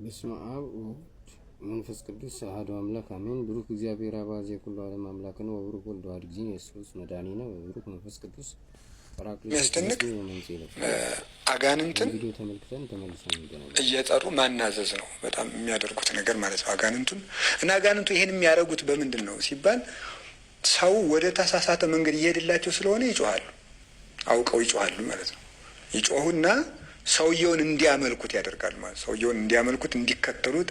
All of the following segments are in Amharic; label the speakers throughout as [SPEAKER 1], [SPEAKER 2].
[SPEAKER 1] በስመ አብ ወወልድ መንፈስ ቅዱስ አሐዱ አምላክ አሜን። ብሩክ እግዚአብሔር አብ ዘኩሉ ዓለም አምላክ ነው። ወብሩክ ወልድ ዋሕድ እግዚእ ኢየሱስ መድኃኒ ወብሩክ መንፈስ ቅዱስ
[SPEAKER 2] የሚያስደንቅ አጋንንትን እየጠሩ ማናዘዝ ነው። በጣም የሚያደርጉት ነገር ማለት ነው። አጋንንቱን እና አጋንንቱ ይሄን የሚያደርጉት በምንድን ነው ሲባል ሰው ወደ ተሳሳተ መንገድ እየሄድላቸው ስለሆነ ይጮሃሉ፣ አውቀው ይጮሃሉ ማለት ነው። ይጮሁና ሰውየውን እንዲያመልኩት ያደርጋል ማለት ሰውየውን እንዲያመልኩት እንዲከተሉት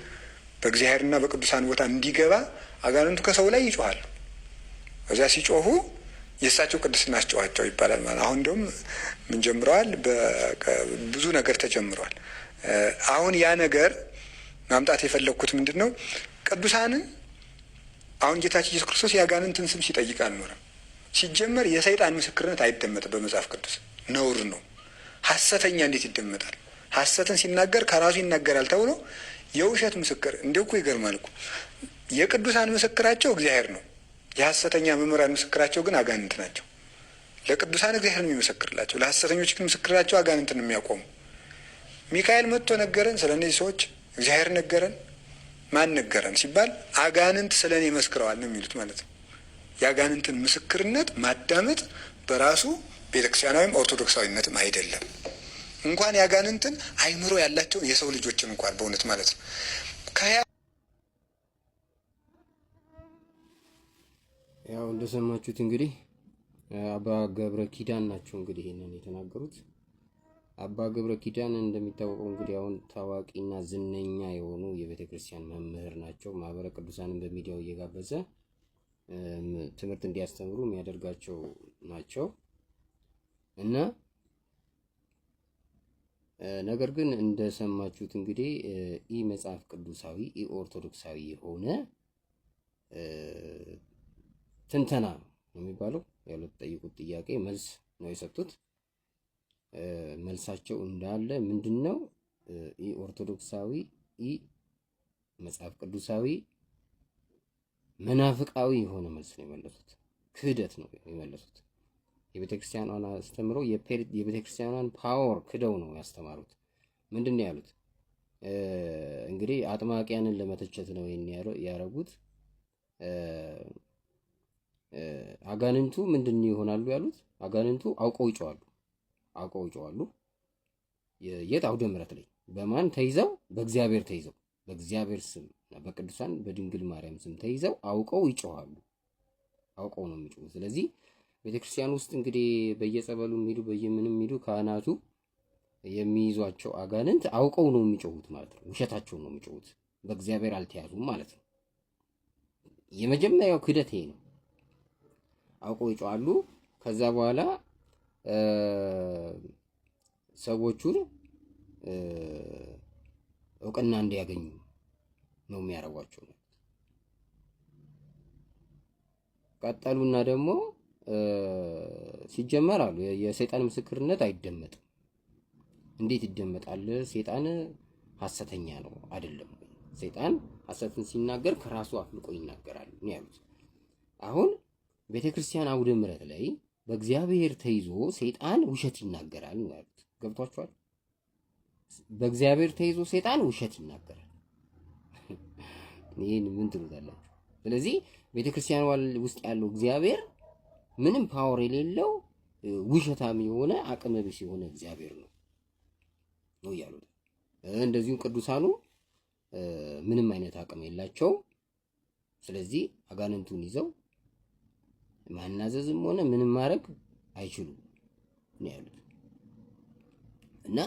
[SPEAKER 2] በእግዚአብሔርና በቅዱሳን ቦታ እንዲገባ አጋንንቱ ከሰው ላይ ይጮኋል። እዚያ ሲጮሁ የእሳቸው ቅድስና አስጨዋቸው ይባላል ማለት አሁን እንደውም ምን ጀምረዋል፣ ብዙ ነገር ተጀምረዋል። አሁን ያ ነገር ማምጣት የፈለግኩት ምንድን ነው? ቅዱሳንን አሁን ጌታችን ኢየሱስ ክርስቶስ የአጋንንትን ስም ሲጠይቅ አልኖረም። ሲጀመር የሰይጣን ምስክርነት አይደመጥም። በመጽሐፍ ቅዱስ ነውር ነው። ሀሰተኛ እንዴት ይደመጣል? ሀሰትን ሲናገር ከራሱ ይናገራል ተብሎ የውሸት ምስክር እንዲሁ እኮ ይገርማል እኮ። የቅዱሳን ምስክራቸው እግዚአብሔር ነው። የሀሰተኛ መምህራን ምስክራቸው ግን አጋንንት ናቸው። ለቅዱሳን እግዚአብሔር ነው የሚመሰክርላቸው፣ ለሀሰተኞች ግን ምስክራቸው ነው የሚያቆሙ ሚካኤል መጥቶ ነገረን ስለ እነዚህ ሰዎች እግዚአብሔር ነገረን። ማን ነገረን ሲባል አጋንንት ስለ እኔ መስክረዋል ነው የሚሉት ማለት ነው። የአጋንንትን ምስክርነት ማዳመጥ በራሱ ቤተክርስቲያናዊም ኦርቶዶክሳዊነትም አይደለም። እንኳን ያጋንንትን አይምሮ ያላቸውን የሰው ልጆችን እንኳን በእውነት ማለት ነው
[SPEAKER 1] ያው እንደሰማችሁት እንግዲህ አባ ገብረ ኪዳን ናቸው እንግዲህ ይህንን የተናገሩት። አባ ገብረ ኪዳን እንደሚታወቀው እንግዲህ አሁን ታዋቂና ዝነኛ የሆኑ የቤተ ክርስቲያን መምህር ናቸው። ማህበረ ቅዱሳንን በሚዲያው እየጋበዘ ትምህርት እንዲያስተምሩ የሚያደርጋቸው ናቸው። እና ነገር ግን እንደሰማችሁት እንግዲህ ኢ መጽሐፍ ቅዱሳዊ ኢ ኦርቶዶክሳዊ የሆነ ትንተና ነው የሚባለው ያልተጠየቁት ጥያቄ መልስ ነው የሰጡት። መልሳቸው እንዳለ ምንድን ነው? ኢ ኦርቶዶክሳዊ ኢ መጽሐፍ ቅዱሳዊ መናፍቃዊ የሆነ መልስ ነው የመለሱት። ክህደት ነው የመለሱት። የቤተክርስቲያኗን አስተምሮ የቤተክርስቲያኗን ፓወር ክደው ነው ያስተማሩት። ምንድን ነው ያሉት? እንግዲህ አጥማቂያንን ለመተቸት ነው ይህን ያደረጉት። አጋንንቱ ምንድን ይሆናሉ ያሉት? አጋንንቱ አውቀው ይጨዋሉ? አውቀው ይጨዋሉ? የት አውደ ምረት ላይ በማን ተይዘው? በእግዚአብሔር ተይዘው፣ በእግዚአብሔር ስም በቅዱሳን በድንግል ማርያም ስም ተይዘው አውቀው ይጨዋሉ አውቀው ነው የሚጮው። ስለዚህ ቤተክርስቲያን ውስጥ እንግዲህ በየጸበሉ የሚሄዱ በየምንም የሚሄዱ ካህናቱ የሚይዟቸው አጋንንት አውቀው ነው የሚጮሁት ማለት ነው። ውሸታቸውን ነው የሚጮሁት። በእግዚአብሔር አልተያዙም ማለት ነው። የመጀመሪያው ክደት ይሄ ነው። አውቀው ይጮዋሉ። ከዛ በኋላ ሰዎቹን እውቅና እንዲያገኙ ነው የሚያደርጓቸው። ቀጠሉና ደግሞ ሲጀመር አሉ የሰይጣን ምስክርነት አይደመጥም። እንዴት ይደመጣል? ሰይጣን ሐሰተኛ ነው አይደለም? ሰይጣን ሐሰትን ሲናገር ከራሱ አፍልቆ ይናገራል ነው ያሉት። አሁን ቤተክርስቲያን አውደ ምረት ላይ በእግዚአብሔር ተይዞ ሰይጣን ውሸት ይናገራል ነው ያሉት። ገብቷችኋል? በእግዚአብሔር ተይዞ ሰይጣን ውሸት ይናገራል። ይህን ምን ትሉታላችሁ? ስለዚህ ቤተክርስቲያን ውስጥ ያለው እግዚአብሔር ምንም ፓወር የሌለው ውሸታም የሆነ አቅም ቢስ የሆነ እግዚአብሔር ነው ነው እያሉት። እንደዚሁም ቅዱሳኑ ምንም አይነት አቅም የላቸው። ስለዚህ አጋንንቱን ይዘው ማናዘዝም ሆነ ምንም ማድረግ አይችሉም ነው ያሉት እና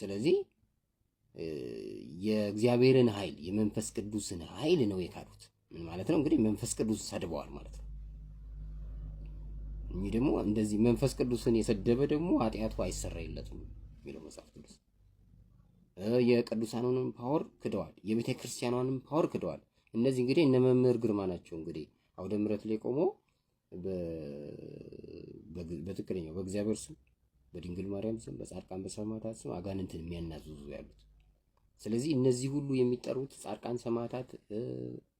[SPEAKER 1] ስለዚህ የእግዚአብሔርን ኃይል የመንፈስ ቅዱስን ኃይል ነው የካዱት። ማለት ነው እንግዲህ መንፈስ ቅዱስ ሰድበዋል ማለት ነው። እኚህ ደግሞ እንደዚህ መንፈስ ቅዱስን የሰደበ ደግሞ ኃጢአቱ አይሰረይለትም የሚለው መጽሐፍ ቅዱስ። የቅዱሳኑንም ፓወር ክደዋል፣ የቤተ ክርስቲያኗንም ፓወር ክደዋል። እነዚህ እንግዲህ እነ መምህር ግርማ ናቸው እንግዲህ አውደ ምረት ላይ ቆሞ በትክክለኛው በእግዚአብሔር ስም በድንግል ማርያም ስም በጻድቃን በሰማዕታት ስም አጋንንትን የሚያናዝዙ ያሉት። ስለዚህ እነዚህ ሁሉ የሚጠሩት ጻድቃን ሰማዕታት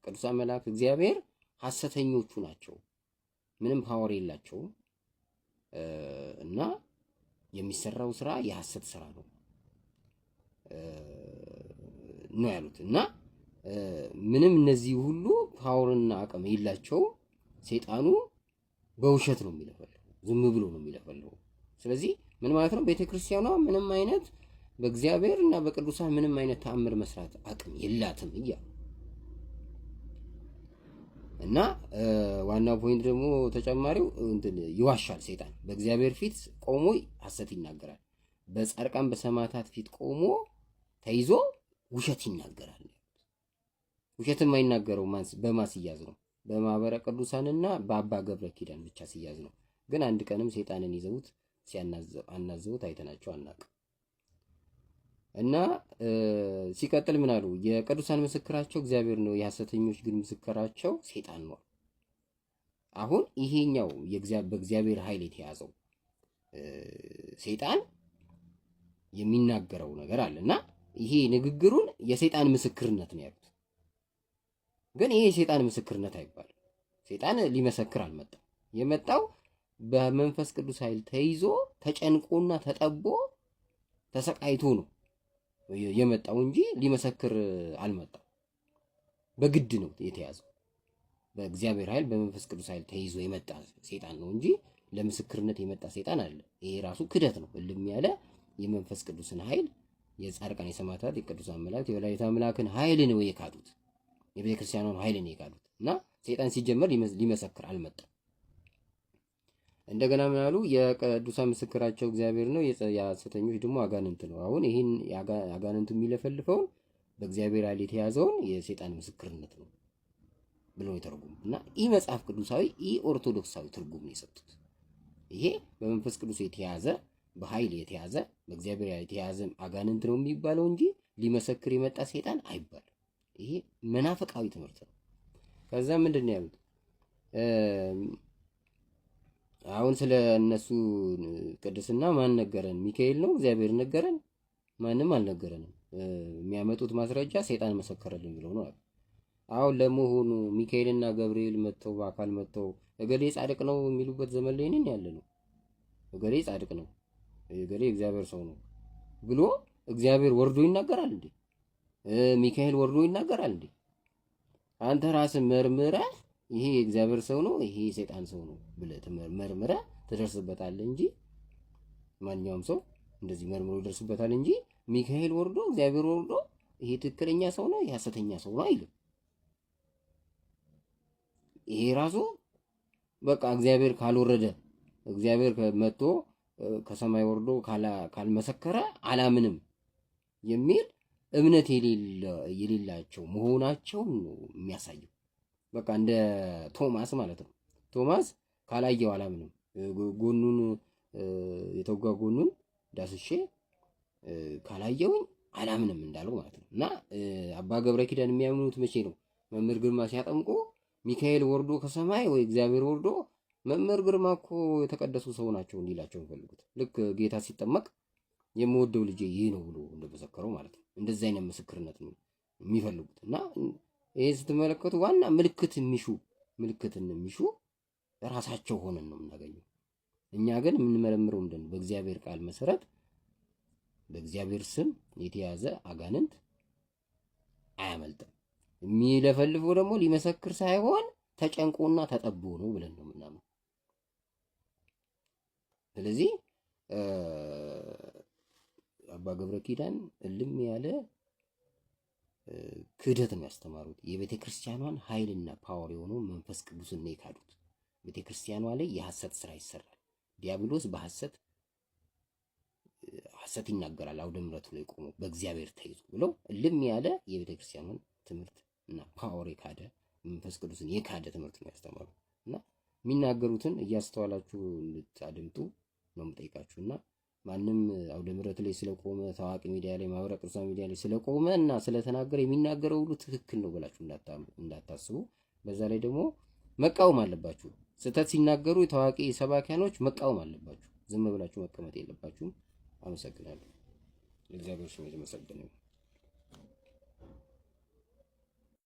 [SPEAKER 1] ቅዱሳን መልአክ እግዚአብሔር ሐሰተኞቹ ናቸው፣ ምንም ፓወር የላቸውም እና የሚሰራው ስራ የሐሰት ስራ ነው ነው ያሉት እና ምንም እነዚህ ሁሉ ፓወርና አቅም የላቸውም። ሰይጣኑ በውሸት ነው የሚለፈልፈው፣ ዝም ብሎ ነው የሚለፈልፈው። ስለዚህ ምን ማለት ነው? ቤተክርስቲያኗ ምንም አይነት በእግዚአብሔር እና በቅዱሳን ምንም አይነት ተአምር መስራት አቅም የላትም እያሉ እና ዋና ፖይንት ደግሞ ተጨማሪው እንትን ይዋሻል ሴጣን በእግዚአብሔር ፊት ቆሞ ሐሰት ይናገራል። በጻድቃን በሰማዕታት ፊት ቆሞ ተይዞ ውሸት ይናገራል። ውሸት የማይናገረው በማ ሲያዝ ነው? በማህበረ ቅዱሳንና በአባ ገብረ ኪዳን ብቻ ሲያዝ ነው። ግን አንድ ቀንም ሴጣንን ይዘውት ሲያናዘውት አይተናቸው አናውቅም። እና ሲቀጥል ምን አሉ? የቅዱሳን ምስክራቸው እግዚአብሔር ነው፣ የሐሰተኞች ግን ምስክራቸው ሴጣን ነው። አሁን ይሄኛው በእግዚአብሔር ኃይል የተያዘው ሴጣን የሚናገረው ነገር አለና ይሄ ንግግሩን የሴጣን ምስክርነት ነው ያሉት። ግን ይሄ የሴጣን ምስክርነት አይባልም። ሴጣን ሊመሰክር አልመጣም። የመጣው በመንፈስ ቅዱስ ኃይል ተይዞ ተጨንቆና ተጠቦ ተሰቃይቶ ነው የመጣው እንጂ ሊመሰክር አልመጣም። በግድ ነው የተያዘው። በእግዚአብሔር ኃይል በመንፈስ ቅዱስ ኃይል ተይዞ የመጣ ሴጣን ነው እንጂ ለምስክርነት የመጣ ሴጣን አለ። ይሄ ራሱ ክደት ነው። እልም ያለ የመንፈስ ቅዱስን ኃይል የጻድቃን የሰማዕታት የቅዱሳን መላእክት የወላዲተ አምላክን ኃይል ነው የካዱት። የቤተክርስቲያኗን ኃይል ነው የካዱት እና ሴጣን ሲጀመር ሊመሰክር አልመጣም። እንደገና ምን አሉ? የቅዱሳን ምስክራቸው እግዚአብሔር ነው፣ የሐሰተኞች ደግሞ አጋንንት ነው። አሁን ይህን አጋንንቱ የሚለፈልፈውን በእግዚአብሔር ኃይል የተያዘውን የሴጣን ምስክርነት ነው ብለው የተረጉሙ እና ይህ መጽሐፍ ቅዱሳዊ ይህ ኦርቶዶክሳዊ ትርጉም ነው የሰጡት። ይሄ በመንፈስ ቅዱስ የተያዘ በኃይል የተያዘ በእግዚአብሔር ኃይል የተያዘ አጋንንት ነው የሚባለው እንጂ ሊመሰክር የመጣ ሴጣን አይባልም። ይሄ መናፈቃዊ ትምህርት ነው። ከዛ ምንድን ነው ያሉት? አሁን ስለ እነሱ ቅድስና ማን ነገረን? ሚካኤል ነው እግዚአብሔር ነገረን? ማንም አልነገረንም። የሚያመጡት ማስረጃ ሰይጣን መሰከረልን ብለው ነው። አሁን ለመሆኑ ሚካኤልና ገብርኤል መጥተው በአካል መጥተው እገሌ ጻድቅ ነው የሚሉበት ዘመን ላይ ነን ያለ ነው። እገሌ ጻድቅ ነው፣ እገሌ እግዚአብሔር ሰው ነው ብሎ እግዚአብሔር ወርዶ ይናገራል እንዴ? ሚካኤል ወርዶ ይናገራል እንዴ? አንተ ራስህ መርምረህ ይሄ የእግዚአብሔር ሰው ነው፣ ይሄ የሰይጣን ሰው ነው ብለህ መርምረ ትደርስበታለህ እንጂ ማንኛውም ሰው እንደዚህ መርምሮ ይደርስበታል እንጂ ሚካኤል ወርዶ እግዚአብሔር ወርዶ ይሄ ትክክለኛ ሰው ነው፣ ይሄ ሰው ነው አይልም። ይሄ ራሱ በቃ እግዚአብሔር ካልወረደ እግዚአብሔር መጥቶ ከሰማይ ወርዶ ካልመሰከረ አላምንም የሚል እምነት የሌላቸው መሆናቸውን ነው የሚያሳየው። በቃ እንደ ቶማስ ማለት ነው። ቶማስ ካላየው አላምንም፣ ጎኑን የተጓ ጎኑን ዳስሼ ካላየውኝ አላምንም እንዳለው ማለት ነው። እና አባ ገብረ ኪዳን የሚያምኑት መቼ ነው? መምህር ግርማ ሲያጠምቁ ሚካኤል ወርዶ ከሰማይ ወይ እግዚአብሔር ወርዶ መምህር ግርማ እኮ የተቀደሱ ሰው ናቸው እንዲላቸው የሚፈልጉት ልክ ጌታ ሲጠመቅ የምወደው ልጄ ይህ ነው ብሎ እንደመሰከረው ማለት ነው። እንደዚህ አይነት ምስክርነት ነው የሚፈልጉት እና ይህ ስትመለከቱ ዋና ምልክት የሚሹ ምልክትን የሚሹ ራሳቸው ሆነን ነው የምናገኘው። እኛ ግን የምንመረምረው ምንድን ነው? በእግዚአብሔር ቃል መሰረት በእግዚአብሔር ስም የተያዘ አጋንንት አያመልጥም። የሚለፈልፈው ደግሞ ሊመሰክር ሳይሆን ተጨንቆና ተጠቦ ነው ብለን ነው የምናምነው። ስለዚህ አባ ገብረ ኪዳን እልም ያለ ክህደት ነው ያስተማሩት። የቤተ ክርስቲያኗን ኃይልና ፓወር የሆኑ መንፈስ ቅዱስን ነው የካዱት። ቤተ ክርስቲያኗ ላይ የሐሰት ስራ ይሰራል። ዲያብሎስ በሐሰት ሐሰት ይናገራል። አውደ ምሕረቱ ላይ ቆሞ በእግዚአብሔር ተይዞ ብለው እልም ያለ የቤተ ክርስቲያኗን ትምህርት እና ፓወር የካደ መንፈስ ቅዱስን የካደ ትምህርት ነው ያስተማሩት እና የሚናገሩትን እያስተዋላችሁ እንድታደምጡ ነው እና ማንም አውደ ምሕረት ላይ ስለቆመ ታዋቂ ሚዲያ ላይ ማህበረ ቅዱሳን ሚዲያ ላይ ስለቆመ እና ስለተናገረ የሚናገረው ሁሉ ትክክል ነው ብላችሁ እንዳታስቡ። በዛ ላይ ደግሞ መቃወም አለባችሁ። ስህተት ሲናገሩ ታዋቂ ሰባኪያኖች መቃወም አለባችሁ። ዝም ብላችሁ መቀመጥ የለባችሁም። አመሰግናለሁ። እግዚአብሔር ስም የተመሰገነ